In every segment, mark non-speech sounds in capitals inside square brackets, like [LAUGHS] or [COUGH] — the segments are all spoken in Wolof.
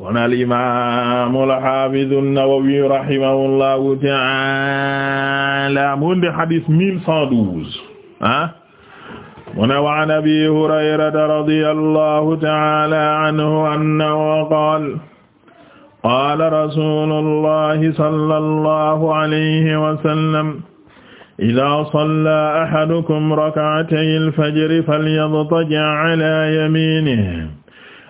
kon al-imaam al-haafiz an-Nawawi rahimahullahu ta'aala mu indi hadis mille cent douze ah mu ne wa an Abii Hurayrata radiyallahu ta'aala anhu annahu qaala qaala rasuulullahi sallallahu alayhi wa sallam idaa sallaa ahadukum rak'atay al-fajri falyadtaji' alaa yamiinihi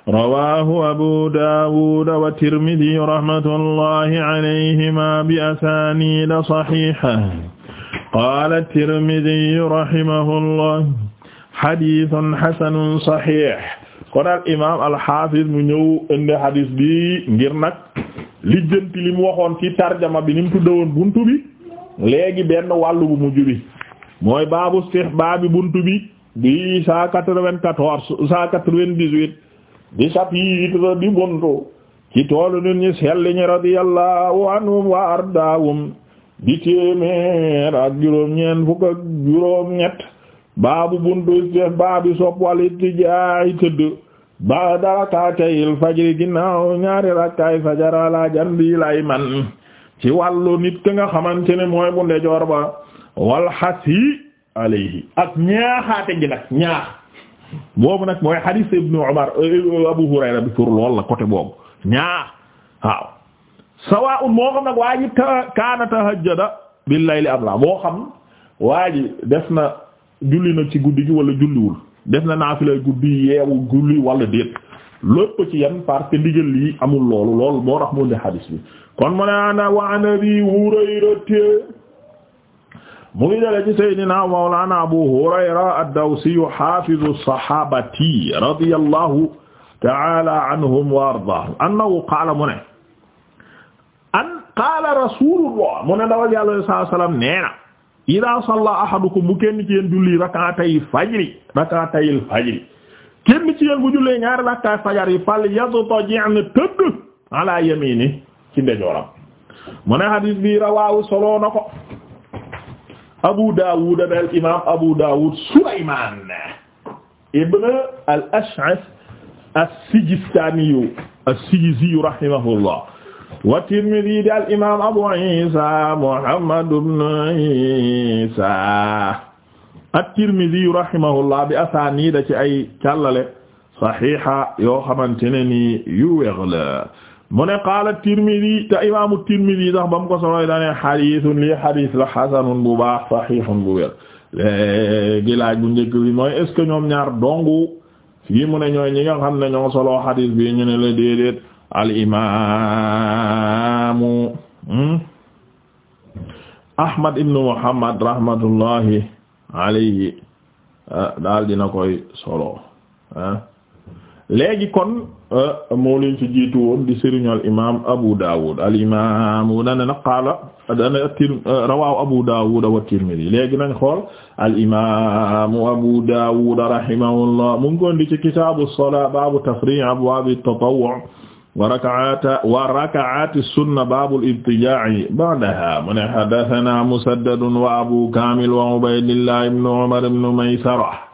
rawaahu abu daawuda wa tirmidi rahmatullahi alayhima bi asaaniida saxiixa qaala tirmidi rahimahullah xadiisun xasanun saxiix kon al imaam alxaafis mu ñëw indi xadiis bi ngir nag lijjanti li mu waxoon ci tarjama bi ni mu tuddawoon buntu bi léegi benn wàllu bu mujj bi mooy baabu istihbaabi buntu bi di cent quatre-vingt-quatorze cent quatre-vingt-dix-huit di chapitre di buntu ci toolu nit ñi sell ñi radiyallahu anhum wa ardaahum di téeméer ak juróom ñett baabu buntu def baabi sopp wal ittijaa'i tëdd ba'da rakaatayil fajri ginnaaw ñaari rakkaay fajar ala janbil ayman ci wàllu nit ki nga xamante ne mooy bu ndejoor ba wal hasi alayhi ak ñaaxaate gi nag ñaax boobu nag mooy hadith ibnu Umar euh, Abu Hurayra bi pour lool la côté boobu ñaar waaw sawaa'un moo xam nag waa ji kaana tahajjada bil layli am la moo xam waa ji def na julli na ci guddi gi wala julliwul def na naafila guddi yeewu julli wala déet lépp ci yem parce que ndigal lii amul loolu loolu moo tax mu ne hadith bi kon mu ne ana wa Abi Hurayra mu ngi jëlee ci sayyidina mawlana abu hurayra ad-dawsi hafizu sahabati radiyallahu ta'ala anhum wa ardaahum annahu qaala mu ne an qaala rasulullah mu ne dawal yàlla sallallahu alayhi wasallam nee na ida salla ahadukum bu kenn ci yéen julli rak'atay fajri rak'atayil fajri kenn ci yéen bu jullee ñaari rakkaay fajar yi fal yadtaji'na tëdd ala yamini ci ndejooram mu ne hadis bi rawaahu solo na ko Abu Dawud al imaam Abu Dawud Sulaymaan ibn al-Ash'ath as-Sijistaaniyu as-Sijiziyu rahimahullah wa Tirmidhi di al imaam Abu Isa Muhammad ibn Isa at-Tirmidhi rahimahullah bi asaaniid ci ay càllale saxiixa yoo xamante ne ni yu wér la mu ne qaala Tirmidi te imaamu Tirmidi sax ba mu ko solo dane xadiisun lii xadiis la xasanun bu baax saxiixun bu wér léegi laaj bu njëkk bi mooy est ñoom ñaar dongu fii mu ne ñooy ñi nga xam ne ñoo solo xadiis bi ñu ne la déedéet al imaamu hmm? Ahmad ibn Muhammad rahmatullahi alayhi ah, daal dina koy solo ah. léegi kon. Ah, moo leen ci jiitu woon di sëriñu al imaam Abu Dawud al imaam dana na qaala dana tir ah, rawaahu Abu Dawud wa Tirmidhi léegi nañ xool al imaam Abu Dawud rahimahullah mu ngi koy indi ci kitaabu as-salaa baabu tafrii' abwaab at-tatawwu' wa rak'aat wa rak'aat as-sunna baabu al-ibtijaa'i ba'dahaa mu ne haddathanaa Musaddad wa Abu Kaamil wa Ubaydillah ibn Umar ibn Maysara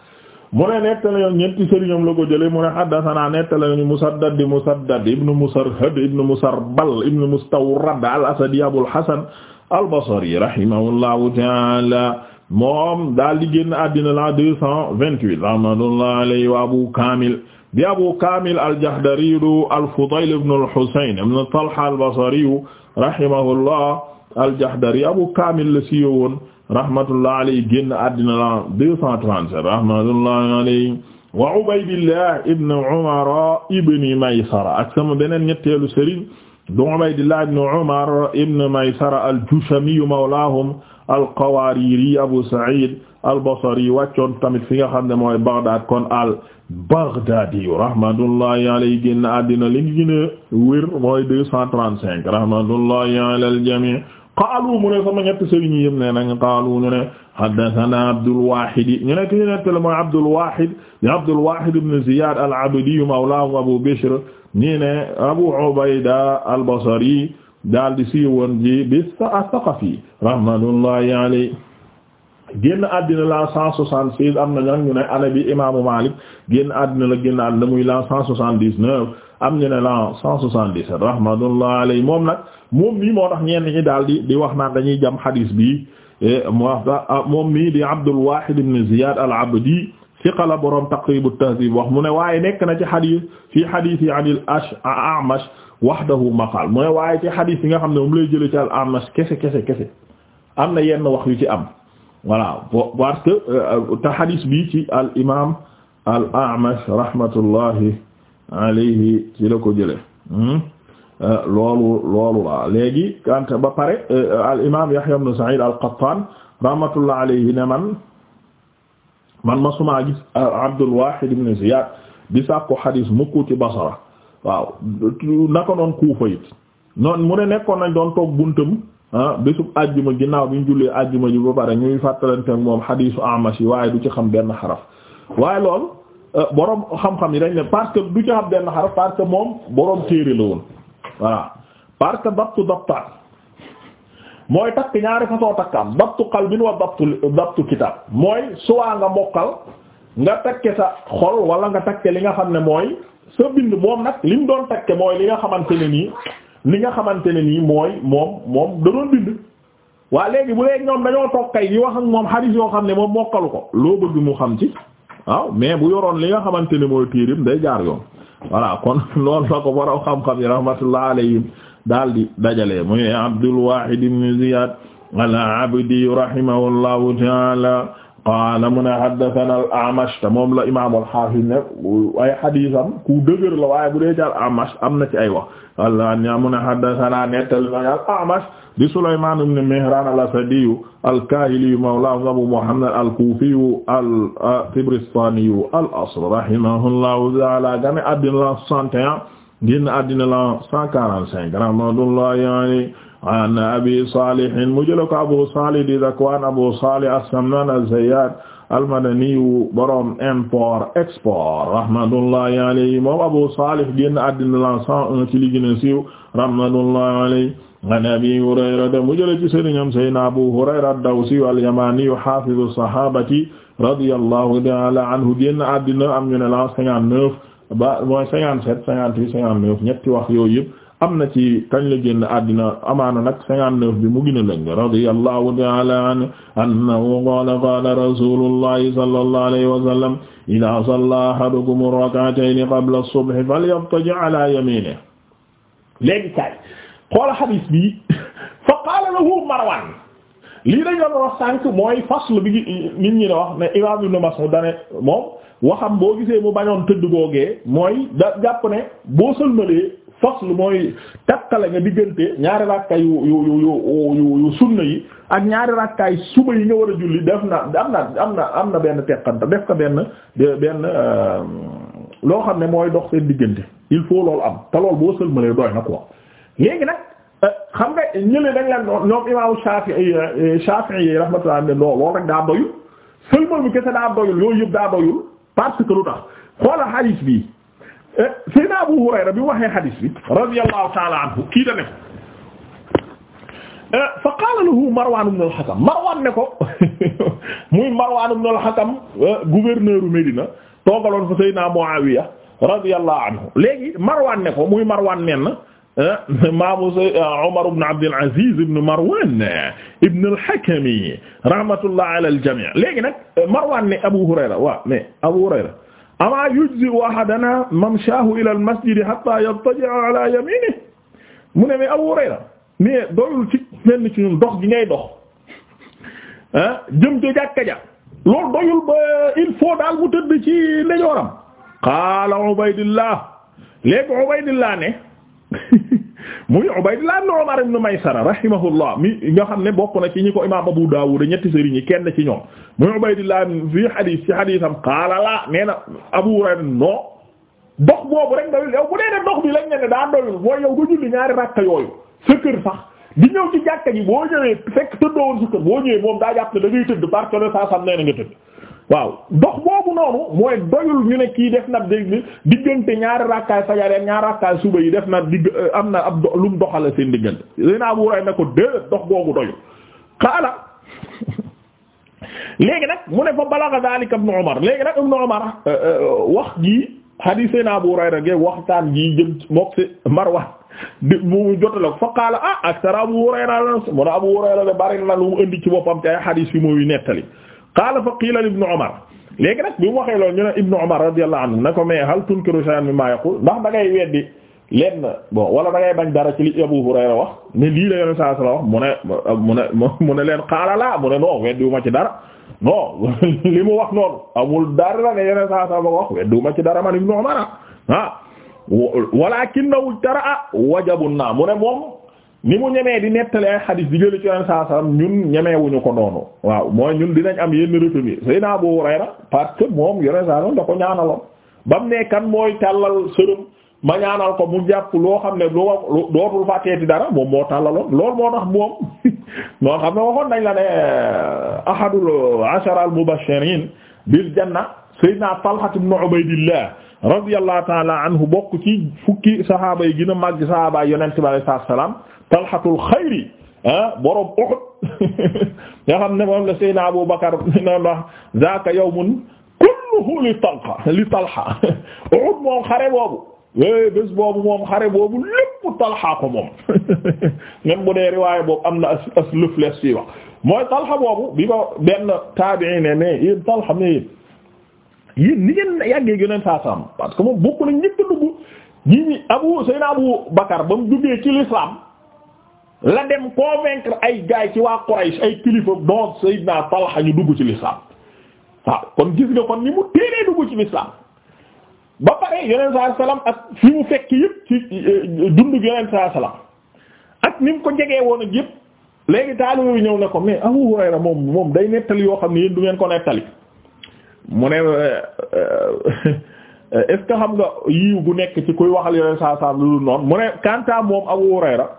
mu ne nettali yoon ñetti sëriñam la ko jëlee mu ne haddathana nettali nañu Musaddad di Musaddad ibnu Musarhad ibnu Musarbal ibnu Mustawrad al-Asadi Abul Hasan al-Basri rahimahullahu ta'ala moom daal di génn àddina la deux cent vingt-huit rahmatullahi alayhi wa Abu Kamil di Abu Kamil al-Jahdari al-Fudayl ibnu al-Husayn ibnu Talha al-Basri rahimahullah al-Jahdari Abu Kamil la siiwoon rahmatullah alayhi génn àddina la 237 rahmatullah alayhi wa Ubaydillah ibn Umar ibn Maysara ak sama beneen ñetteelu sëriñ du Ubaydillah ibn Umar ibn Maysara al-Jushami mawlahum al-Qawariri Abu Sa'id al-Basri wàccoon tamit fi nga xam ne mooy Baghdad kon al-Baghdadi rahmatullahi alayhi génn àddina li ngi gën a wér mooy 235 rahmatullahi ala al-jami' qaalu mu ne sama ñett sëriñ yi yëpp ne nañ qaalu ñu ne haddathana Abdul Wahid ñu ne ki ñu nettali mooy Abdul Wahid di Abdul Wahid ibn Ziyad al-Abdi mawlaahu Abu Bishr ñii ne Abu Ubayda al-Basri daal di siiwoon ji bi as-Saqafi rahmatullahi alayhi génn àddina la 176 am na ñan ñu ne année bi imaamu Malik génn àddina la génn àddina muy la 179 am ñu ne la 177 rahmatullahi alayhi moom nag. moom mii moo tax ñenn ñi daal di di wax naan dañuy jam xadiis bi e, ah, moom mii di Abdul Wahid ibn Ziyad al-Abdi siqa la boroom Taqrib at-Tahdhib wax mu ne waaye nekk na ci xadiis fii xadiis yi an al-A'mash wahdahu maqal mu ne waaye ci xadiis yi nga xam ne moom lay jëlee ci al-A'mash kese kese kese am na yenn wax yu ci am voilà parce que euh, te xadiis bi ci al imaam al-A'mash rahmatullahi alayhi ci la ko jëlee hmm? Euh, loolu loolu la léegi kanta ba pare euh, al imaam Yahya ibn Sa'id al-Qattan rahmatullah yi ne man man ma suma gis euh, Abdul Wahid ibn Ziyad di sàkku xadiis mukk ci Basra waaw naka noon Kuufa it noon mu ne nekkoon nañ doon toog buntam ah, bésub àjjuma ginnaaw bi ñu jullee àjjuma ji ba pare ñuy fàttalante moom xadiisu Amash yi waaye du ci xam benn xaraf waaye lool boroom xam-xam yi dañ ne parce que du ci xam benn xaraf parce que moom boroom téere la woon voilà parce que dabtu dabtaan mooy takk ñaari façon takkaam dabtu qalbin wa dabtu dabtu kitaab mooy su suwaa nga mokkal nga takke sa xol wala nga takke li nga xam ne mooy sa bind moom nag li mu doon takke mooy li nga xamante ne nii li nga xamante ne nii mooy moom moom da doon bind waa léegi bu leen ñoom dañoo toog kay yi wax ak moom xadiis yoo xam ne moom mokkalu ko loo bëgg mu xam ci waaw mais bu yoroon li nga xamante ne mooy tiirim day jaar voilà kon [LAUGHS] loolu la ko borom xam-xam yi rahmatullah alayhim daal di dajale muy Abdul Wahid ibn Ziyad al-Abdi rahimahullahu ta'ala qaala mu ne haddathana al-A'mash te moom la imaam al-Hafiz ne ay hadiisam ku dëgër la waaye bu dee ci al-A'mash am na ci ay wax walla mu ne haddathana nettali na al-A'mash di Sulaymaan ibn Mihraan al-Asadiyu al-Kaahiliyu mawlaahum Abu Muhammad al-Kuufiyu al-Tabaristaaniyu al-asl rahimahullahu ta'aala gane àddina la 61 génn àddina la 145 rahmatullahi alayhi an Abi Saalih mu jël ko Abu Saalih di Zakwaan Abu Saalih as-Sammaan az-Zayyaat almadaniyu borom import export rahmatullahi alayhi moom Abu Salih génn àddina la 101 ci li gën a siiw rahmatullahi alayhi an Abi Hurayrata mu jële ci sëriñam Seydina Abu Hurayra ad-Dawsi al-Yamaniyu hafizu sahabati radiyallahu ta'ala anhu génn àddina am ñu ne la 59 ba mooy 57 58 59 ñetti wax yooyu yëpp am na ci kañ la génn àddina amaana nag cinquante-neuf bi mu gën a lëng radiyallahu ta'ala anhu annahu qala qala rasulullahi sallallahu alayhi wa sallam idha salla ahadukum rak'atayn qabla as-subh falyattaji ala yaminihi léegi kay xoola hadith bi fa qala lahu Marwan lii dañ doon wax sànq mooy fasl bi nit ñi ne wax ne imam Ibn Mas'ud dane moom waxam boo gisee mu bañoon tëdd googee mooy da jàpp ne boo sëlmalee faslu mooy takkale nga diggante ñaari rakkaay yu yu yu yu sunna yi ak ñaari rakkaay suba yi nga war a julli def na am na am na am na benn teqanta def ko benn benn euh, loo xam ne mooy dox seen diggante il faut loolu am te loolu boo sëlmalee doy na ko léegi nag euh, xam nga ñële dañ leen ñoom imaamu Shafi'i euh, Shafi'i yi rahmatullah ne non loolu rek daa doyul sëlmal bi kese daa doyul yooyu yëpp daa doyul parce que lu tax xoola hadith bi. Seydina Abu Hurayra bi waxee xadiis bi radiyallahu ta'ala anhu kii da ne ko fa qaala lahu Marwaan ibn al-Hakam Marwaan ne ko muy Marwaan ibn al-Hakam gouverneur u Médina toogaloon fa Seydina Muawiya radiyallahu anhu léegi Marwaan ne ko muy Marwaan nen na maamu Umar ibn Abd al-Aziz ibn Marwan ibn al-Hakam rahmatullah ala al-jami' léegi nag Marwaan ne Abu Hurayra waaw mais Abu Hurayra amaa yujzi ahadana mamshaahu ila al masjid hatta yattaji'a ala yaminihi mu ne mais Abu Hurayra mais doyul ci mel ci ñun dox gi ngay dox ah jëm ca jàkka ja loolu doyul ba il faut daal mu tëdd ci ndeyjooram qaala Ubaydillah léegi Ubaydillah ne [LAUGHS] muy Ubaydullah ibn Umar ibn Maysara rahimahullah mi nga xam ne bokk na ci ñi ko imaam Abu Dawud ñetti sëriñ ñi kenn ci ñoom muy Ubaydullah fi xadiis ci xadiisam qaala la nee na Abu Hurayra non dox boobu rek nga yow bu dee ne dox bi lañ ne ne daa doyul booy yow du julli ñaari rakka yooyu sa kër sax di ñëw ci jàkka ji boo ñëwee fekk tëddoowoon sa kër boo ñëwee moom daa jàpp ne da ngay tëdd parce que saa sam nee na nga tëdd waaw dox boobu noonu mooy doyul ñu ne kii def na diggante ñaari rakkaay fajar ak ñaari rakkaay suba yi def na digg eh, am na ab lu mu doxale seen diggante Seydina Abu Hurayra ne ko déedéet dox boobu doyul xaala [LAUGHS] léegi nag mu ne fa balagha dhalika Ibn Umar léegi nag Ibn Umar eh, eh, wax jii hadith Seydina Abu Hurayra ge waxtaan jii jëm mook si Marwan di mu jotale ko fa ah ak sara Abu Hurayra mu ne Abu Hurayra de bari na lu mu indi ci boppam te ay hadith yi muy nettali qaala fa qiila li ibnu Umar léegi nag bi mu waxee loolu ñu ne ibnu Umar radiyallahu anhu ne ko mais hal tunkiru shay'an mimma yaqul ndax da ngay weddi lenn bon wala da ngay bañ dara ci li Abu Hurayra wax ne lii la yoneen saa sala wax mu ne mu ne mu ne leen qaala laa mu ne non weddiwuma ci dara non [LAUGHS] li mu wax noonu amul dara ne yoneen saa sala wax weddiwuma ci dara man ibnu Umar ah walakinnahu tara a wajabun naa mu ne moom ni mu ñemee di nettali ay xadiis di jële ci yoon saa salaam ñun ñemewuñu ko noonu waaw mooy ñun dinañ am yenn retenue Seydina Abu Hurayra parce que moom yoneen saa salaam da ko ba mu ne mooy tàllal sërëm ma ko mu jàpp loo xam ne lu dootul fàtteeti dara moom moo tàllaloon loolu moo tax moom [LAUGHS] moo xam ne waxoon nañ la ne eh, ahadul ashara al mubashirin bil janna Seydina Talha ibn Ubaydillah ci fukki saxaaba yi gën a màgg saxaaba yonent bi sallallahu alayhi wasallam talxatul xayri ah borom Uhud [LAUGHS] xam ne moom la Seydina Abu Bakar na wax zaaka yawmun kulluhu li talxa li talxa [LAUGHS] Uhud moom xare boobu eh, bés boobu moom xare boobu lépp talxa ko moom [LAUGHS] bu dee riwaay boobu am na as as lëf lees si wax mooy talxa boobu bi ko benn taabi'i ne mais yéen talxa mais yéen yéen ni parce que moom bokk na ñëkk dugg ñi ñi Abu Seydina Abu Bakar ba mu duggee ci la dem convaincre ay gaay ci waa Quraysh ay kilifa doon Sayyidna Talha ñu dugg ci l'islam waaw kon gis nga kon ni mu téeree dugg ci l'islam ba pare yonent saa salaam ak fi mu fekk yëpp ci euh, dundu yonent saa salaam ak ni mu ko jegee woon ak yëpp léegi taaliba bi ñëw ne ko mais Abu moom moom day nettali yoo xam ne yéen du ngeen ko nettali mu ne euh, euh, [LAUGHS] est-ce xam nga yiw gu nekk ci kuy waxal yonent saa salaam lu dul noonu mu ne Kanta moom Abu Hurayra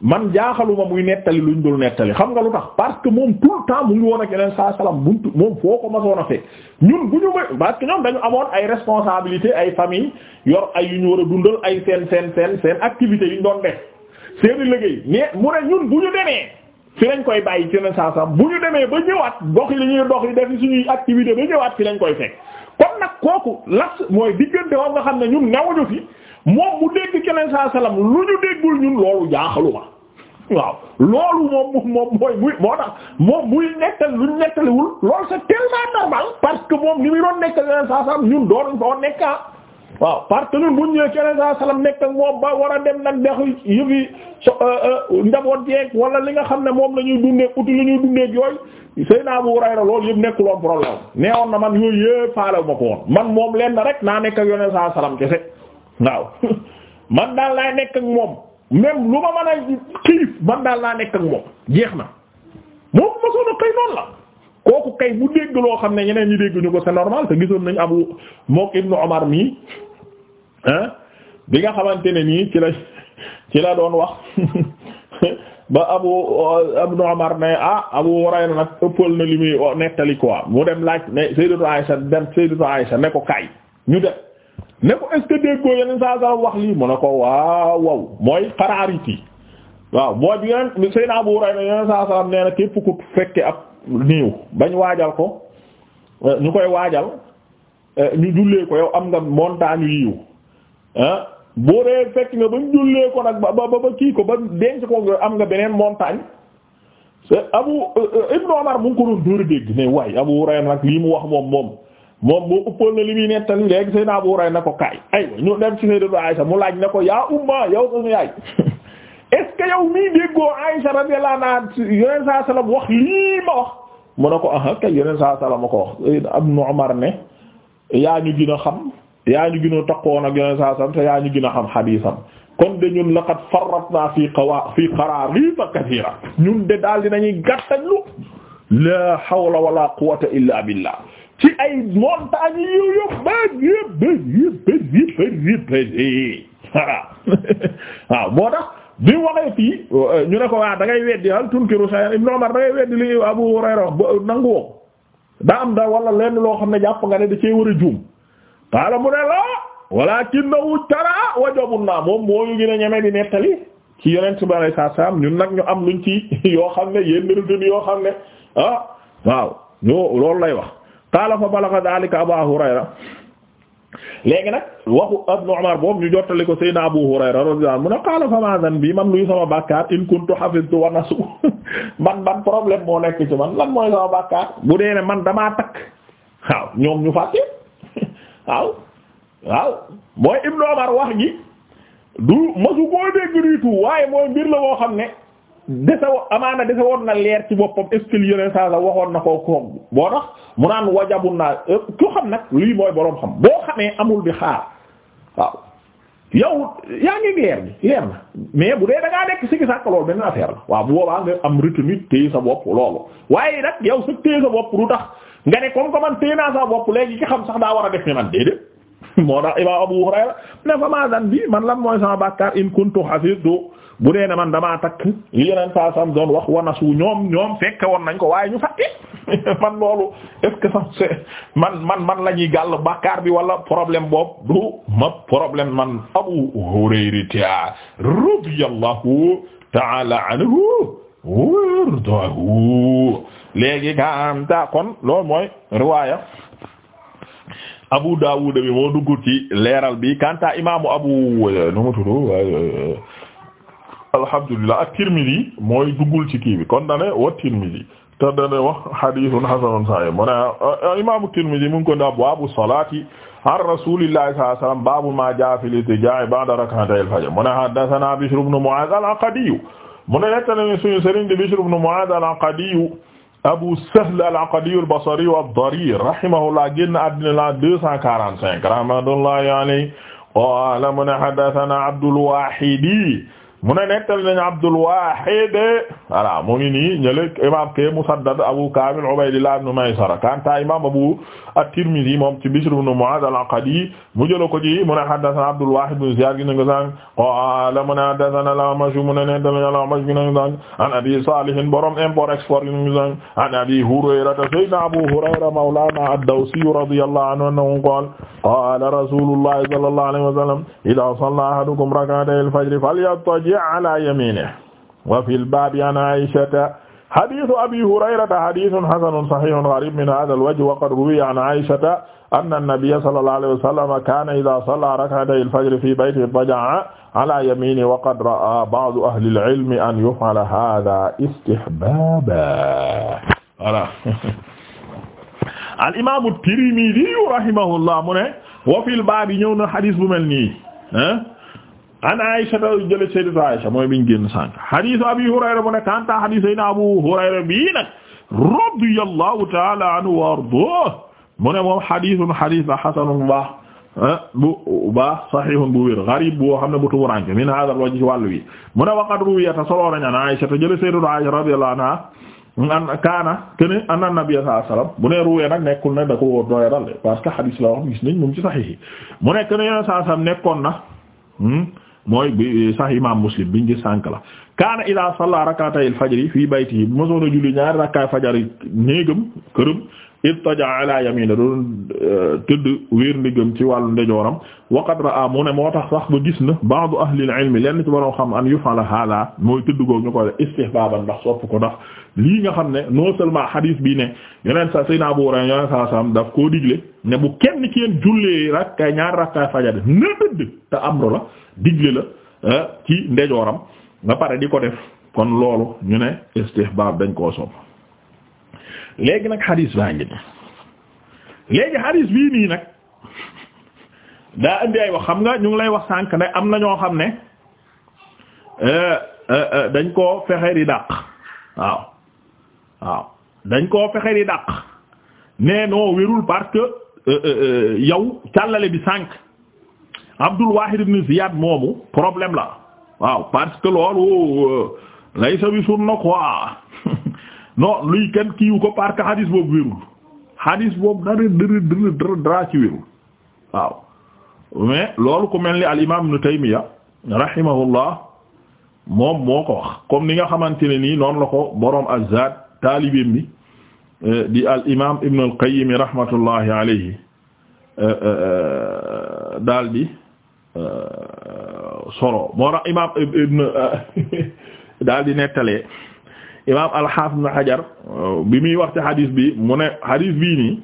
man jaaxaluma muy nettali lu ñu dul nettali xam nga lu tax parce que moom tout le temps mu ngi woon ak yeneen saa salaam buntu moom foo ko masoon a fekk ñun bu ñu may parce que ñoom dañu amoon ay responsabilité ay famille yor ay yu ñu war a dundal ay seen seen seen seen activité yu ñu doon def seen i liggéey mu ne ñun bu ñu demee fi lañ koy bàyyi ci yeneen saa bu ñu demee ba ñëwaat dox li ñuy dox li def suñuy activité ba ñëwaat fi lañ koy fekk kon nag kooku laps mooy diggante woon nga xam ne ñun newuñu fi. moom mu dégg keneen saa salaam lu ñu déggul ñun loolu jaaxaluma waaw loolu moom moom mooy moo tax moom muy nekkal lu parce que moom ni muy doon nekkal keneen saa salaam ñun doonuñ fa nekka ah. waaw parce que ñun bu ñu ñëwee keneen saa salaam nekk ak moom war a dem nag dexu yëfi so euh, euh, njaboot jeeg wala li nga xam ne moom la ñuy dundee uti li ñuy dundee yooyu. Seyna Abu Hurayra loolu yëpp nekkuloon problème neewoon na man yooyu yëpp faale ma moom lenn rek naa nekk ak yeneen saa salaam kese. waaw [LAUGHS] man daal laa nekk ak moom même lu ma mën a xiif man daal laa nekk ak moom jeex na moom mosoon a kay noonu la kooku kay bu dégg loo xam ne ñeneen ñi dégg ñu ko c'est normal te gisoon nañu abu mook ibnu Omar mii ah bi nga xamante ne nii ci la [LAUGHS] ci la doon wax [LAUGHS] ba abu euh, ibnu Omar ne ah abu na nag ëppal na li muy euh, nettali quoi mu dem laaj ne Sayyidatu Aisha dem Sayyidatu Aisha ne ko kay ñu def ne ko est-ce que déggoo yeneen saa saa wax lii mu ne ko waaw waaw mooy xaraariti waaw boo bi yeneen Seydina Abu Hurayra yeneen saa saa nee na képp ku fekke ab néew bañ waajal ko euh, ñu koy waajal euh, ñu jullee ko yow am nga montagne yiw ah boo dee fekk nga ba ñu jullee ko nag ba ba ba kii ko ba denc ko nga am nga beneen montagne c'est Abu euh, Ibn Omar mu ko doon dóor a dégg ne waaye Abu Hurayra nag lii mu wax moom moom. moom moo ëppoon na li muy nettali léegi Seydina Abu na ko kaay aywa ñu dem ci Sayyidatu Aisha mu laaj na ko yaa umma yow suñu yaay [LAUGHS] est-ce que yow mii déggoo Aisha radiyallahu anha yeneen saa salaam wax lii ma wax mu ne ko aha kay yeneen saa salaam ma wax Ibnu Umar ne yaa ñu gën a xam yaa ñu gën a takkoon ak yeneen saa salaam te yaa ñu gën a xam xadiisam kon de ñun laqad farratna fi qawa fi qaraarit kathiira ñun de daal dinañuy gàttañlu la hawla wala quwwata ci ay montagne yu yu bëri yu bëri yu bëri bëri [LAUGHS] waaw moo tax bi mu waxee fii ñu ne ko waa da ngay weddi al tunkiru sa Ibn Umar da ngay weddi li Abu Hurayra nangu woo daa am da wala lenn loo xam ne jàpp nga ne da cee war a juum xaala mu ne la walakinahu tara wajabun naa moom moo ñu gën a ñeme di nettali ci Yonent bi alayhi salaam ñun nag ñu am luñ ci [LAUGHS] yoo xam ne yenn retenue yoo xam ne ah waaw ñoo loolu lay wax. qaala fa balagha dhalika Abu Hurayra léegi nag waxu Ibnu Umar boobu ñu jottali ko Seydina Abu Hurayra radiyallahu anhu mu ne qaala fa maa dhanbi man luy sama bàkkaar in kuntu hafiztu wa nasu [LAUGHS] man ban problème moo nekk ci man lan mooy sama bàkkaar bu dee ne man damaa takk waaw ñoom ñu fàtte [LAUGHS] waaw waaw mooy Ibnu Umar wax gi du masu koo dégg riitu waaye mooy mbir la boo xam ne dese wo na leer ci boppam est ce que waxoon na ko koog boo tax mu naan wajabu naa ku xam nag lii mooy boroom xam boo xamee amul bi xaar waaw yow yaa ngi leer bi leer na mais bu dee da ngaa nekk si gisàkk loolu benn affaire la waaw bu boobaa nga am retenu téye sa bopp loolu waaye nag yow sa téye sa bopp du tax nga ne comme que man téye naa sa bopp léegi ki xam sax daa war a def ne man déedéet [LAUGHS] moo tax Imaam Abu Hurayra ne fa maa zan bi man lan bu dee ne man damaa takk li yeneen saa sam doon wax wanasu ñoom ñoom fekk woon nañ ko waaye ñu fàtte [LAUGHS] man loolu man man man la ñuy gàll bàkkaar bi wala problème boobu du ma problème man Abu Hurayrata radiyallahu ta'ala anhu wardahu léegi kaanta kon loolu mooy riwaaya Abu Dawud bi moo dugg ci leeral bi kanta imaamu Abu nu mu tudd alhamdulilah ak Tirmidhi mooy duggul ci kii bi kon dane wa Tirmidhi te dane wax hadithun hasanun sahih mu ne euh, imaamu Tirmidhi mu ngi ko ne abwaabu salaati an rasulillahi sallallahu alayhi wasallam baabu ma jaa fil ittijaa'i ba'da rak'atay al-fajr mu ne haddathana Bishr ibn Mu'adh al-Aqadi mu ne nettali suñu sëriñ di Bishr ibn Mu'adh al-Aqadi Abu Sahl al-Aqadi al-Basri ad-Darir rahimahullah génn àddina la 245 rahmatullahi alayhi qaala mu ne haddathana Abdul Wahidi mu ne nettal nañu Abdul Wahid voilà mu ngi nii ñële imam ke Musaddad Abu Kamil Ubaydillah ibn Maysara kanta imam Abu at-Tirmidhi moom ci Bishr ibn Mu'adh al-Aqadi mu jëla ko ci mu ne haddathana Abdul Wahid ibn Ziyad gis nga sànq qala mu ne haddathana al-A'mash mu ne nettal nañu al-A'mash gis nga sànq an Abi Salih borom import export gis nga sànq an Abi Hurayra sayyidina Abu Hurayra mawlana ad-Dawsi radiyallahu anhu annahu qala qala Rasulullah sallallahu alayhi wa sallam idha salla ahadukum rak'atay al-fajr raji' ala yaminihi wa fil baabi an Aysata hadiisu Abii Hurayrata hadiisun hasanun sahiihun gariibun min haazal wajhi wa qad ruwiya an Aysata anna nabiyya sallallaahu alayhi wa sallam kaana izaa sallaa rak'atayil fajri fii baytihi raja'a ala yaminihi wa qad ra'aa ba'du ahlil ilmi an yuf'ala haazaa istihbaaban. voilà al imaamu Tirmidi rahimahullah mu ne wa fil baabi ñëw na hadiis bu mel nii an Aisha da jële sayyidatu Aisha mooy biñ génn sànq hadith Abi Hurayra bu ne kanta hadith sayna Abu Hurayra bii nag radiyallahu ta'ala anhu wa ardaah mu ne moom hadithun hadith la hasanun ah, bu baax bu baax sahihun bu wér gharib boo xam ne bu tumuranke min hada al wajh wàllu wi mu ne waqad ruwiyata soloo nañ an Aisha te jële sayyidatu Aisha radiyallahu anha an kaana kene anna nabiyya sallallahu alayhi wasallam bu ne ruwee nag nekkul ne da ko doyadal parce que hadith la wax gis nañ moom ci sahih yi mu nekk ne sallallahu alayhi wasallam nekkoon na hmm, mooy bi sax imam muslim biñ gis sànk la kaana ila salla rakatay al fajri fii baytihi bu mosoon a julli ñaari rakkaay fajar yi néegam këram ittaja ala a doon euh, tëdd wéer ndiggam ci wàllu ndejooram waqad raa mu ne moo tax sax ba gis na ba'du ahlil ilmi lenn ci waroo xam an yufala haala mooy tëdd googu ñu koy istihbaaban ndax sopp ko ndax lii nga xam ne non seulement hadith bi ne yeneen sa sayna Abu Hurayra yeneen sa sam daf koo digle ne bu kenn ci yéen jullee rakkaay ñaar rakkaay fajar la digle la euh, ndejooram nga di ko def kon loolu ñu ne istihbaab dañ koo sopp léegi nag xadis baa ngi nii léegi xadis bii nii nag daa indi ay wax xam nga ñu ngi lay wax sànq ne am na ñoo xam ne euh, euh, euh, dañ koo fexe di dàq waaw waaw dañ koo fexe di dàq mais noo wérul parce que yow càllale bi sànq Abdul Wahid ibn Ziyad moomu problème la waaw parce que loolu lay sa bi sunna quoi no luy kenn kiiw ko parce que xadis boobu wérul xadis boobu dara dara dara dara ci ku mel ni al imaam ibn Taymiya rahimahullah moom moo ko wax ni nga xamante ne nii noonu la ko boroom azad eh, di al imaam ibn al qayyim rahmatullahi alayhi eh, eh, daal di solo moo tax imaam ibn [LAUGHS] daal di nettalee imaam al na Ibn Hajar bi muy wax ci hadith bi mu ne hadith bii nii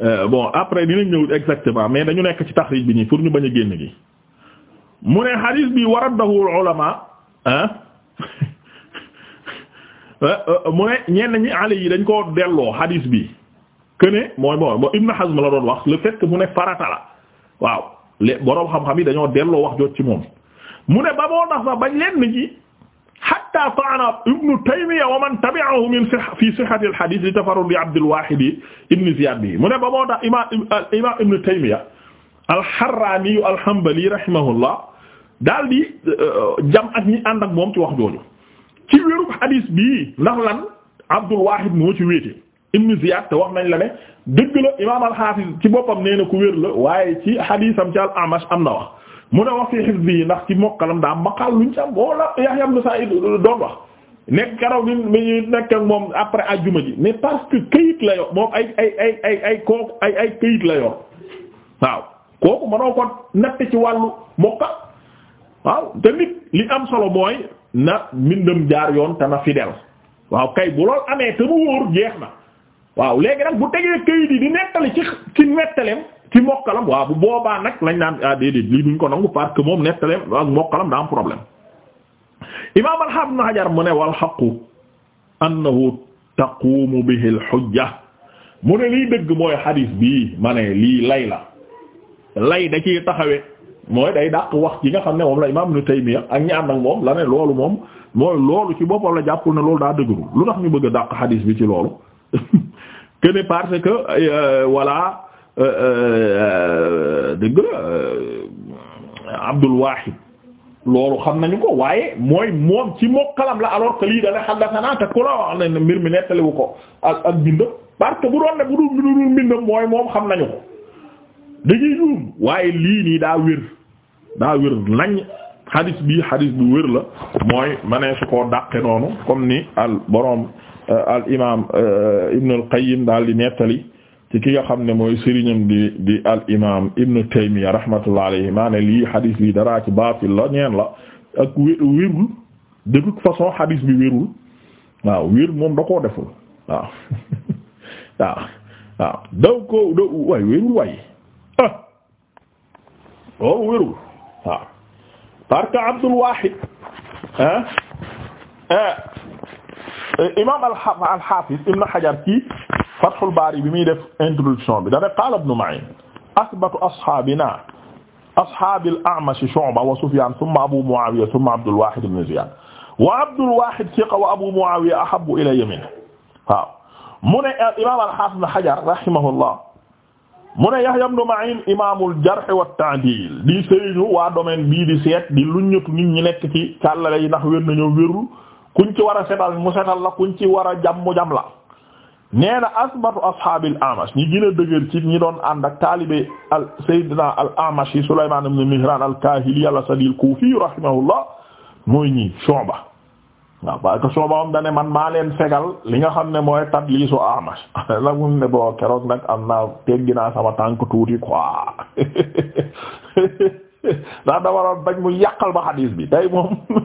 euh, bon après nañ ñëw exactement mais dañu nekk ci taxrij bi nii pour ñu bañ a génn gi mu ne hadith bi waraddahu al-ulama ah [LAUGHS] mu ne ñenn ñi ale yi dañ ko delloo hadith bi que ne mooy bon bon Ibn Hazm la doon wax le fait que mu ne farata la waaw le boroom xam-xam yi dañoo delloo wax jot ci moom mu ne ba moo tax sax bañ leen ni hatta ta'ana ibnu Taymiyya wa man tabi'ahu min fi sihhati al-hadith li tafarrudi Abdul Wahid ibn Ziyad bi mu ne ba moo tax imaam imaam ibnu Taymiyya al-Harrani al-Hanbali rahimahullah daal di euh, jam ak ñi ànd ak moom ci wax jooju ci wéru hadith bii ndax lan Abdul Wahid moo ci wéete ibn Ziyad te wax nañ la ne dëgg la imaam al-Hafiz ci boppam nee na ku wér la waaye ci haditham ci al-Amash am na wax. mu ne wax fi xisbi yi ndax ci mokkalam daa maqaal luñ ci am wala Yahya ibn Sa'id doon wax nekk keroog bi nekk moom après ajjuma ji mais parce que këyit la yor moom ay ay kooku ay ay këyit la yor waaw ko natt ci wàllu mokkal waaw te nit li am solo mooy na mbindam jaar yoon te na fidèle waaw kay bu loolu amee te mu wóor jeex na waaw léegi nag bu tegee këyit yi di nettali ci ci nettaleem ci mokkalam waaw bu boobaa nag lañ naan ah déedéet lii duñ ko nangu parce que moom nettaleem ak mokkalam daa am problème imaam alxam na xajar mu ne wal xaqu annahu taqumu bihi al hujja mu ne lii dëgg mooy xadiis bi ma ne lii lay la lay da ciy taxawe mooy day dàq wax ji nga xam ne moom la imaam Ibnu Taymiyya ak ñi ànd ak moom la ne loolu moom mooy loolu ci boppam la jàppul ne loolu daa dëgëru lu tax ñu bëgg a dàq xadiis bi ci loolu [LAUGHS] que ne parce que euh, voilà Euh, euh, euh, dëgg la Abdul Wahid loolu xam nañu ko waaye mooy moom ci mokkalam la alors que lii dana xaddasanaa ku la wax ne mbir mi nettaliwu ko ak ak bindam parce que bu doon ne bu dul bindul mooy moom xam nañu ko dañuy juum waaye lii nii daa wér daa wér nañ xadis bi xadis bu wér la mooy ma ne su koo dàqe noonu comme ni al borom al imaam Ibn al Qayyim daal di nettali. ci ki nga xam ne mooy sëriñam di di al imam ibnu Taymiyya rahmatullah alayhi maa ne lii xadis bi daraa ci la ñeen la ak wérul de toute façon xadis bi wérul waaw moom da deful [LAUGHS] daw ko da waay wérul waay ah loolu wérul waaw parce que ah, ah, imam al-Hafiz ibnu Hajar kii Fathul Baari bi muy def introduction bi dana qaala Ibnu Ma'iin asbatu ashaabinaa ashaabil A'mash Shu'ba wa Sufyaan thumma Abuu Mu'aawiya thumma Abdul Waahid ibn Ziyaad wa Abdul Waahid thiqa wa Abuu Mu'aawiya ahabbu ilayya minhu waaw mu ne eh, imaam al-Haafiz Ibn Hajar rahimahullah mu ne Yahya ibn Ma'in imaamul jarh wa ta'dil di sëriñu waa domaine bii di seet di lu ñëtu nit ñi nekk ci càllale yi ndax wér nañoo wérul kuñ ci war a setal mu setal la kuñ ci war a jam mu jam la nee na asbatu ashaabil amash ñi gën a dëgër ci ñi doon ànd ak taalibe al sayyidina al amash yi Sulaymaan ibn Mihraan al kaahili al asadi al kuufi rahimahullah mooy ñii Shu'ba waaw parce que Shu'ba moom dane man maa leen fegal li nga xam ne mooy tadliisu amash la [LAUGHS] mun ne boo keroog nag am naa teggi naa sama tànk tuuti quoi [LAUGHS] [LAUGHS] ndax da waroon bañ mu yàqal ma xadiis bi tay moom [LAUGHS]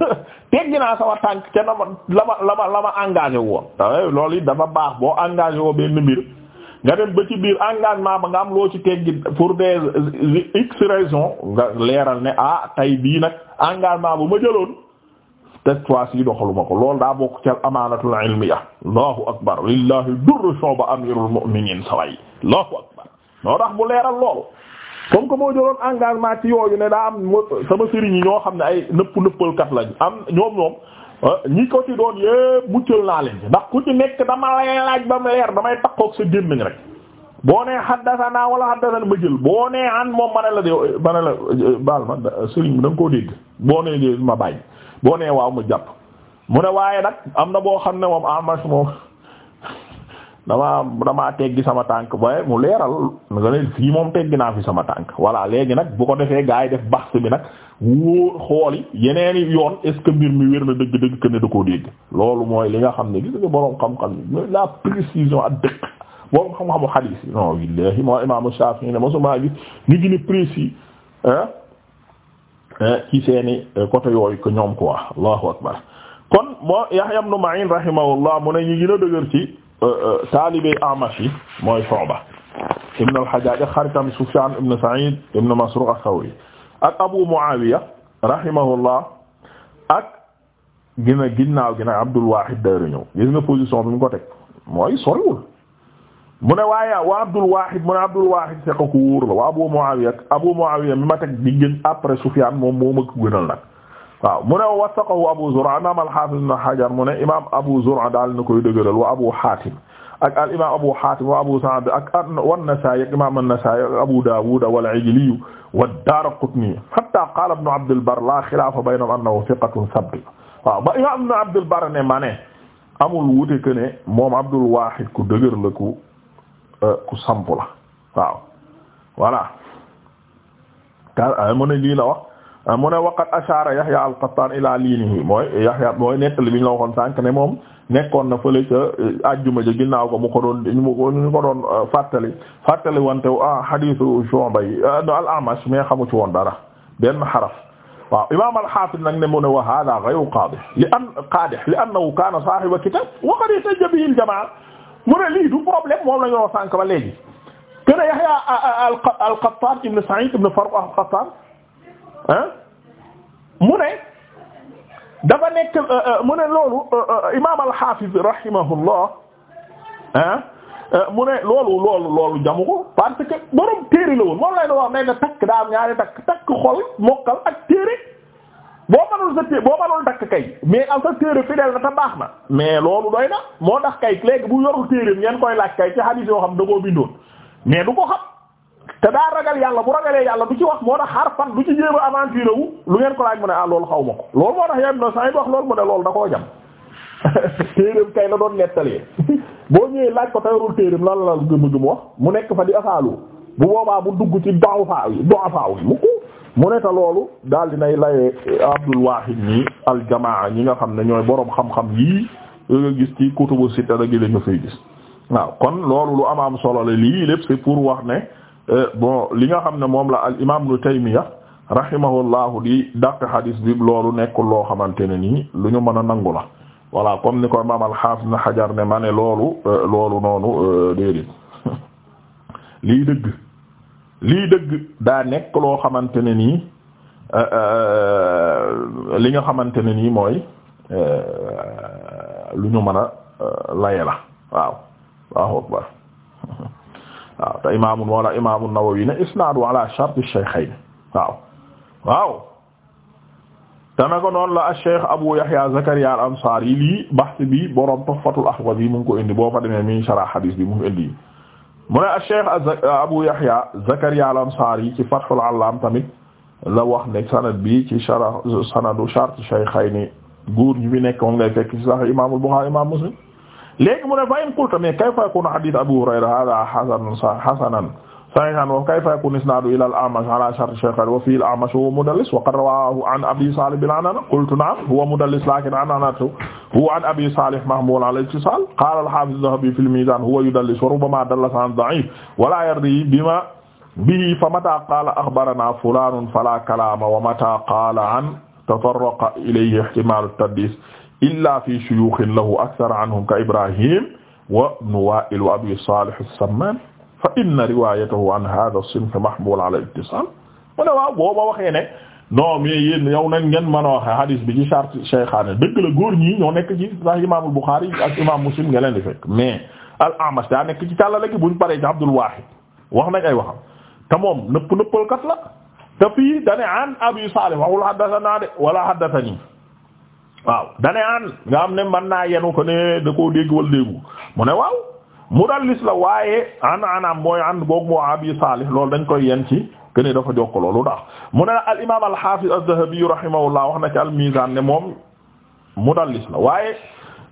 teggi naa sama tànk ca la ma la ma la ma la ma engagé woon ah, eh, loolu it dafa baax boo engagé woo benn mbir nga dem ba ci biir engagement ba nga am loo ci teggi pour des x raisons nga leeral ne ah tey bii nag engagement bu ma jëloon cette fois-ci doxaluma ko lool daa bokk ca amaanatul ilmiya allahu akbar lillahi durru shuba amirul mu'minin saway allahu akbar noo tax bu leeral loolu comme que moo jëloon engagement ci yooyu ne daa am sama sëriñ yi ñoo xam ne ay nëpp nëppalkat lañ am ñoom ñoom ah, ñi ko ci doon yépp muccal naa leen ndax ku ci nekk dama lay laaj ba mu leer damay takkook sa gémmiñ rek boo nee xaddasanaa wala xaddasanaa ba jël boo nee an moom ma la de ma la baal ma sëriñ bi da koo dégg boo nee de ma bàyyi boo nee waaw ma jàpp mu ne waaye nag am na boo xam ne moom amash ah, moom damaa damaa teggi sama tànk waaye mu leeral nga ne fii moom teggi naa fi sama tànk voilà léegi nag bu ko defee gaa yi def baxs bi nag wóor xooli yeneeni yoon est ce que mbir mi wér na dëgg-dëgg que ne da koo dégg loolu mooy li nga xam ne gis nga boroom xam-xam la précision ak dëkk boroom xam-xamu xadiis yi non billahi moo gis ñu gën a précis ci seeni côté yooyu ko ñoom quoi allahu akbar kon moo Yahya ibn Ma'in rahimahullah mu ne ñu gën dëgër ci Euh, euh, taalibey Amash mooy Shu'ba ibn al-Hajjaj ak xaritam Sufyan ibn Sa'id ibn Masruq ath-Thawri ak Abu Muawiya rahimahullah ak gina ginnaaw gi nag Abdul Wahid dayru ñëw gis nga position bi mu ko teg mooy mu ne waaye waa Abdul mu ne Abdul Wahid la waa Abu Muawiya ak Abu Muawiya mi ma teg di gën après Sufyan moom moo ma ko waaw mu ne wasaqahu Abu Zur'a imaam al-Hafiz ibn Hajar mu ne imaam Abu Zur'a daal na koy dëgëral wa Abu Hatim ak al imaam Abu Hatim wa Abu Sa'd ak an-Nasa'i ak imaam an-Nasa'i ak Abu Dawud wal-'Ijli wad-Daraqutni hatta qala Ibn Abd al-Barr la khilafa baynahum annahu thiqatun thabt waaw ba imaam Ibn Abd al-Barr ne ma ne amul wuute que ne moom Abdul Wahid ku dëgër la ku euh, ku samp la waaw voilà. mu ne lii la wax. Ah, mu ne waqat ashara yahya al-qattan ila liinihi mooy yahya mooy nettali bi ñu la waxoon sànq ne moom nekkoon na fële ca ajjuma eh, ja ginnaaw ko mu ko doon mu ko ñu ko doon eh, fàttali fàttali wante ah hadithu Shu'ba yi eh, al-Amash mais xamu ci woon dara benn xaraf waaw imam al-Hafiz nag ne mu ne wa hadha ghayru qadih li an qadih li annahu kana sahiba kitab wa qad ihtajja bihi al-jama'a mu ne lii du problème moom la ñu wax sànq ba léegi kene Yahya ah, ah, al-Qattan ibn Sa'id ibn Farrukh al-Qattan ah mu ne dafa nekk euh, euh, mu ne loolu euh, imaam al-Hafiz rahimahullah ah mu ne loolu loolu loolu jamu ko parce que borom téere la woon moom lay doon wax ne na takk daa am ñaari takk takk xol mokkal ak téere boo mënul sa téere boo mënul dakk kay mais am sa téere fidèle na te baax na mais loolu doy na moo tax kay léegi bu yorul téere ngeen koy laaj kay ci hadith yoo xam da koo bindoon mais du ko xam. te daa ragal yàlla bu ragalee yàlla du ci wax moo tax xarfan du ci jéem a aventure lu ngeen ko laaj mu ne ah loolu xaw ma ko loolu moo tax yam mu ne loolu da koo jam [LAUGHS] téereem la doon nettalee [LAUGHS] boo ñëwee laaj ko tayarul téereem la gëm gëm wax mu nekk fa di bu boobaa bu dugg ci doxu faaw yi mu ko ne te loolu daal dinay layee Abdul Wahid ñi aljamaa ñi nga xam ne ñooy boroom xam-xam yii nga gis ci kutubu sitta gi lañu fay gis waaw kon loolu lu am am solo la lii lépp c'est pour wax ne Euh, bo li nga xam ne moom la al imaam Ibnu Taymiya rahimahullahu di dàq hadis bi loolu nekkul loo xamante ne nii lu ñu mën a nangu la voilà comme ni ko imaam al-Hafiz Ibnu ne ma ne loolu euh, loolu noonu euh, déedéet [LAUGHS] lii dëgg daa nekk loo xamante ne nii li nga xamante ne nii mooy lu ñu mën a laye la waaw waaw waaw [LAUGHS] waaw te imaamu wala imaamu Nawawi ne isnaadu ala shart ash-shaykhayn waaw waaw te na ko Abu Yahya Zakariya al-Ansari lii bi borom Tuhfatul Ahwazi yi mu ngi indi boo fa demee mi sharh hadith bi mu indi mu ne ash Abu Yahya Zakariya al-Ansari ci Fathul Allaam tamit la wax ne sanad bi ci sharh sanadu shart ash-shaykhayn góor ñu fi nekk moom ngay fekk ci Sahih Imaamul Bukhari Muslim léegi mu ne fa in qulta mais kayfa yakunu hadith Abu Hurayra hadha hasanun hasanan sahihan wa kayfa yakunu isnadu ila al-A'mash ala shart shaykhayn wa fihi al-A'mash huwa mudallis wa qad rawahu an Abi Salih bin Anana qultu na'am huwa mudallis lakin ananatu huwa an Abi Salih mahmul ala al-ittisal qala al-hafiz Dhahabi fi al-mizan huwa yudallis wa rubbama dallasa an da'if wa la yardi bima bihi fa mata qala akhbarana fulanun fala kalama wa mata qala an tatarraqa ilayhi ihtimal at-tadlis illa fi shuyukhin lahu akthar anhum ka ibrahim wa ibn wa'il wa abi salih as-samman fa inna riwayatahu an hadha as-sinf mahmul ala al-ittisal mu ne waaw booba waxee ne non mais yéen yow nañ ngeen mën a waxee hadis bi ci charte cheykhaana dëgg la góor ñi ñoo nekk ci sahih imam al-Bukhari ak imam Muslim nga leen di fekk mais al-Amash daa nekk ci tàllale gi buñ paree ci Abdul Wahid wax nañ ay waxam te moom nëpp nëppalkat la te fii dane an abi salih waxul haddathana de wala haddathani waaw dane an nga xam ne man naa yenu ko ne da koo dégg wala déggu mu ne waaw mu mudallis la waaye an anam mooy an boog moo abi salih loolu dañ koy yen ci kene dafa jokk loolu ndax mu ne al imam al hafiz az-zahabi rahimahullah wax na ci al mizan ne moom mudallis la waaye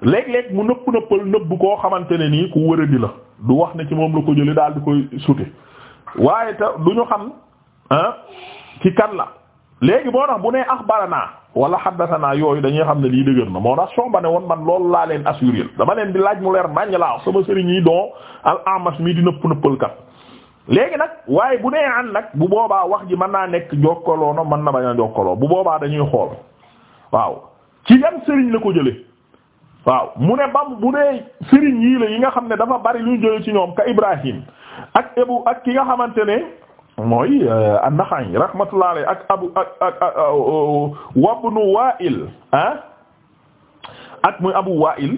léeg-léeg mu nëpp nëppal nëbb koo xamante ne nii ku di la du wax ne ci moom la ko jële daal di koy sute waaye te du ñu xam ah ci kan la léegi moo tax bu nee axbaranaa wala xaddasanaa yooyu dañuy xam ne lii dëgër na moo tax somba ne woon man loolu laa leen assuré dama leen di laaj mu leer naññ laa sama sëriñ yi doo al amas mi di nëpp nëppal kat léegi nag waaye bu nee an nag bu boobaa wax ji mën naa nekk jokkaloo na mën na bañ a jokkaloo bu boobaa dañuy xool waaw ci yan sëriñ la ko jële waaw mu ne bam bu dee sëriñ yii la yi nga xam ne dafa bari lu ñu jële ci ñoom ka Ibrahim ak Ebu ak ki nga xamante ne mooy euh, an-Naxa'i rahmatullahi ak abu ak ak euh, euh, wabnu Wa'il ak muy abu Wa'il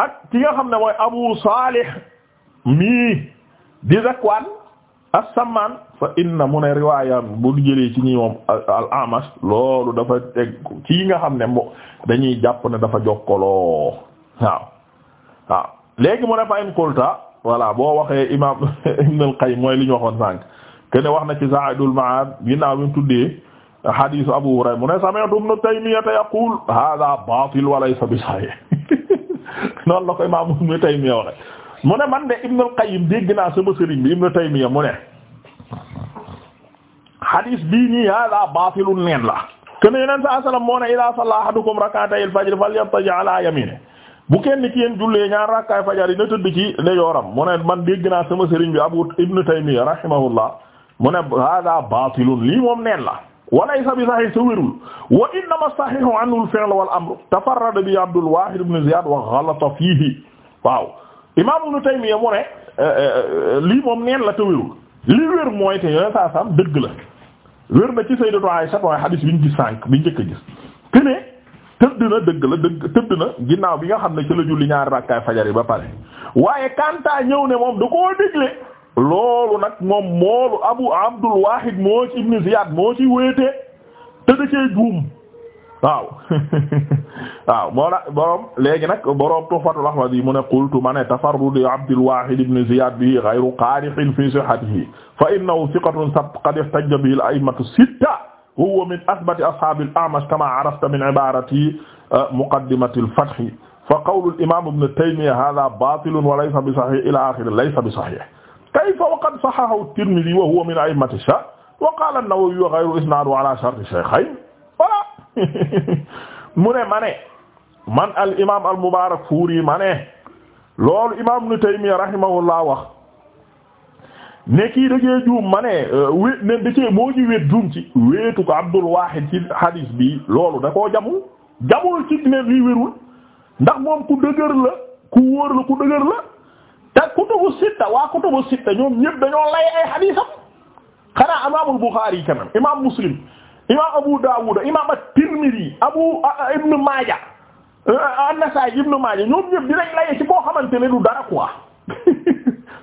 ak ki nga xam ne mooy abu Salih mii di Zakwaan as-Sammaan fa inna mu ne bu jëlee ci ñi moom al-Amash loolu dafa teg ci nga xam ne mo dañuy jàpp ne dafa jokkoloo waaw waaw léegi mu ne fa in qulta boo waxee imaam [LAUGHS] Ibn al mooy li ñu waxoon sànq kene wax na ci Zaadul Ma'ad ginnaaw bi tuddee hadiisu Abu Hurayra mu ne sami'tu Ibn Taymiyya yaqul haaza baatil wa laysa bi sahih [LAUGHS] la ko Imaam Ibn Taymiyya mu ne man de Ibn al-Qayyim dégg naa sama sëriñ bi Ibn Taymiyya mu ne hadiis bii nii haaza baatilu neen la kene yeneen sa sallam moo ne idaa sallaa ahadukum rak'atayil fajr falyattaji' alaa yamiinihi bu kenn ci yéen jullee ñaar rakkaay fajar na tëdd ci ndeyooram mu ne man dégg naa sama sëriñ bi Abu Ibn mu ne hada batilun lii moom neen la walaysa bi sahih sa wérul wa innama sahihu anhu al-fi'l wal amr tafarrada bi Abdul Wahid ibn Ziyad wa ghalata fihi waaw imam Ibn Taymiyya mu ne eh, eh, eh, lii moom neen la te wérul li wér mooy te yoneen saa sam dëgg la wér na ci Sayyidatu Aisha mooy hadis bi ñu gis sànq bi njëkk a gis te tëdd na dëgg la dëgg tëdd na ginnaaw bi nga xam ne ci la julli ñaari rakkaay fajar yi ba pare waaye kanta ñëw ne moom da koo loolu nag moom moolu abu abdul wahid moo ci ibn ziyad moo ci wéete te da cee juum waaw [LAUGHS] waaw moo la borom léegi nag borom tuhfatul ahmadi yi mu ne qultu ma ne tafarrudu abdul wahid ibn ziyad bi ghayru qarihin fi sihhatihi fa innahu thiqatun sabt qad ihtajja bihi al a'immatu sitta wa huwa min athbati ashab al a'mash kama arafta min ibarati uh, muqaddimati al fath fa qawlu al imam ibn taymiyya hadha batilun wa laysa bi sahih ila akhir laysa bi sahih kayfa wa qad sahahahu Tirmidhi wa huwa min a'immati shah wa qala an-Nawawi wa ghayru isnadu ala sharti shaykhayn voilà mu ne ma ne man al imam al Mubarakfuri ma ne loolu imam Ibn Taymiyya rahimahullah wax ne kii dajee juum ma ne euh, wé ne dacee moo ji wéet juum ci wéetu ko Abdul Wahid ci hadis bi loolu da koo jamul jamul ci ne lii wérul ndax moom ku dëgër la ku wóor la ku dëgër la te kutubu sitta waa kutubu sitta ñoom ñëpp dañoo lay ay xadiisam xanaa imaamul Buxaari quand imaam Muslim imaam Abu Daawuda imaam at-Tirmidhi Abu Ibn Maaja an-Nasaa'i Ibn Maaja ñoom ñëpp dinañ lay ci koo xamante ne du dara quoi [LAUGHS]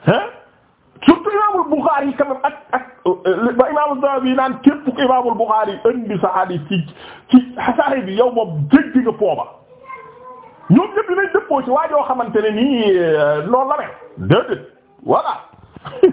hein surtout imaamul Buxaari quand même euh, ba imaamul Dahabi naan képp ku imaamul Buxaari indi ci ci Sahih bi yow moom jéggi nga pooba ñoom ñëpp dinañ dëppoo ci waa joo xamante ne nii loolu euh, la déedéet voilà [LAUGHS]